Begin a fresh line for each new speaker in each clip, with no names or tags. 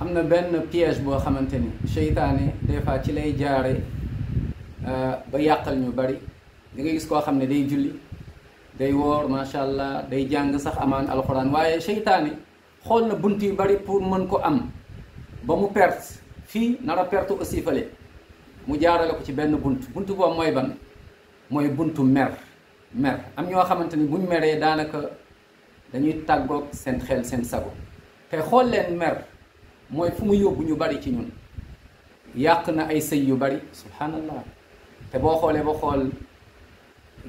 am na benn piège boo xamante ni seytaane des fois ci lay jaare euh, ba yàqal ñu bari da gis koo xam ne day julli day woor macha allah day jàng sax amaan alxuraan waaye seytaane xool na bunt yu bari pour mën ko am ba mu perte fii nar a perte aussi mu jaarale ko ci benn bunt bunt boobu mooy ban mooy buntu mer mer am ñoo xamante ni buñ meree daanaka dañuy tàggook seen xel seen sago te xool leen mer mooy fu mu yóbbu ñu bari ci ñun yàq na ay sëy yu bari subhanallah te boo xoolee ba xool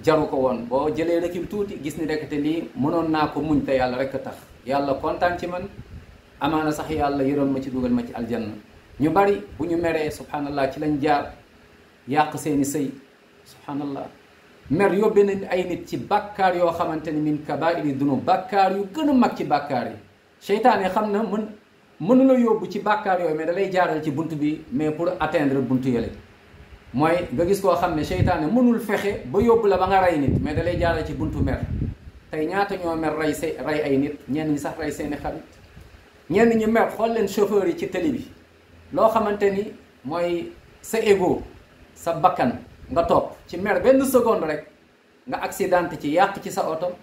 jaru ko woon boo jëlee recul tuuti gis ni rek te lii mënoon naa ko muñ te yàlla rek a tax yàlla kontaan ci man amaana sax yàlla yërëm ma ci dugal ma ci aljanna ñu bari bu ñu meree subhanallah ci lañ jaar yàq seeni sëy subhanallah mer yóbbee na ay nit ci bàkkaar yoo xamante ni min kabairi dunu bàkkaar yu gën mag ci bàkkaar yi xam na mën mënu la yóbbu ci bàkkaar yooyu mais da jaaral ci bunt bi mais pour atteindre bunt yële mooy nga gis koo xam ne seytaane mënul fexe ba yóbbu la ba nga rey nit mais dalay jaaral ci buntu mer tey ñaata ñoo mer rey say rey ay nit ñenn ñi sax rey seeni xarit ñenn ñi mer xool leen chauffeur yi ci tali bi loo xamante ni mooy sa ego sa bakkan nga topp ci mer benn seconde rek nga accident ci yàq ci sa oto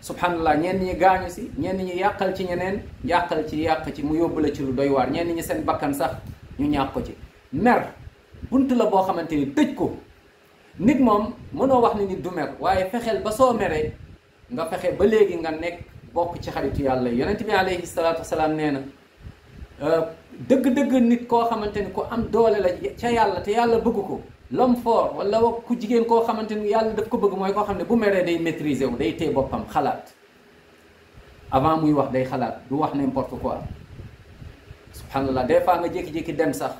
subhanallah ñenn ñi gaañu si ñenn ñi yàqal ci ñeneen yàqal ci yàq ci mu yóbbu la ci lu doy waar ñenn ñi seen bakkan sax ñu ñàkk ko ci mer bunt la boo xamante ni tëj ko nit moom mënoo wax ni nit du mer waaye fexeel ba soo meree nga fexe ba léegi nga nekk bokk ci xaritu yàlla yonent bi alayhi salaatu wasalaam nee na euh, dëgg-dëgg nit koo xamante ni ku am doole la ca yàlla te yàlla bëgg ko l'homme fort wala wax ku jigéen koo xamante ni yàlla daf ko bëgg mooy koo xam ne bu meree day maîtriser wu day téye boppam xalaat avant muy wax day xalaat du wax n'importe quoi subhanallah des fois nga jékki-jékki dem sax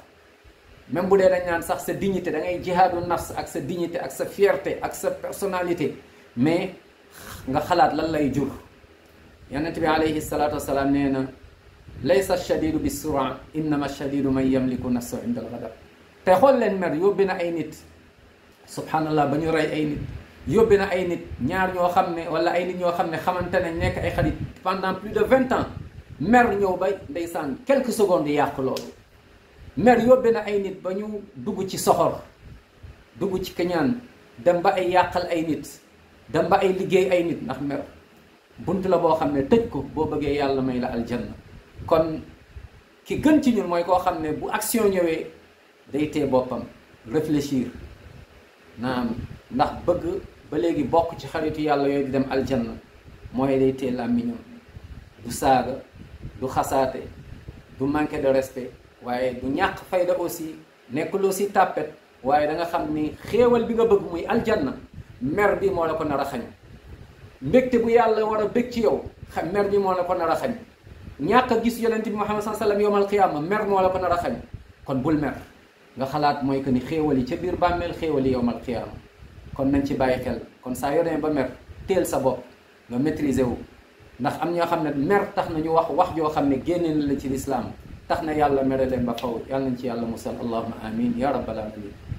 même bu dee dañ naan sax sa dignité da ngay jihaadu nafs ak sa dignité ak sa fierté ak sa personnalité mais nga xalaat lan lay jur yonent bi alayhi salaatu wasalaam nee na laysa shadidu bi sura innama shadidu man yamliku nafsu inda al-ghadab te xool leen mer yóbbi na ay nit subhanallah ba ñu rey ay nit yóbbi na ay nit ñaar ñoo xam ne wala ay nit ñoo xam ne xamante nañ nekk ay xarit pendant plus de vingt ans mer ñëw bay ndeysaan quelques secondes yàq loolu mer yóbbi na ay nit ba ñu dugg ci soxor dugg ci keñaan dem ba ay yàqal ay nit dem ba ay liggéey ay nit ndax mer bunt la boo xam ne tëj ko boo bëggee yàlla may la aljanna kon ki gën ci ñun mooy koo xam ne bu action ñëwee day tee boppam réfléchir naam ndax bëgg ba léegi bokk ci xaritu yàlla yooyu di dem aljanna mooy day tee làmmiñam du saaga du xasaate du manqué de respect waaye du ñàkk fayda aussi nekkul si tàppet waaye da nga xam ni xéewal bi nga bëgg muy aljanna mer bi moo la ko nar a xañ mbégte bu yàlla war a bég ci yow xam mer bi moo la ko nar a xañ ñàkk a gis yonent bi Muhammad sallallahu alayhi wa sallam yawmal qiyaama mer moo la ko nar a xañ kon bul mer nga xalaat mooy que ni xéewal yi ca biir bàmmeel xéewal yi yowmal xiyaama kon nañ ci bàyyi xel kon saa yoo demee ba mer teel sa bopp nga maîtriser wu ndax am ñoo xam ne mer tax nañu wax wax joo xam ne génne na la ci lislaam tax na yàlla mere leen ba faw yàlla nañ ci yàlla musal allahuma amin ya rabbal alamin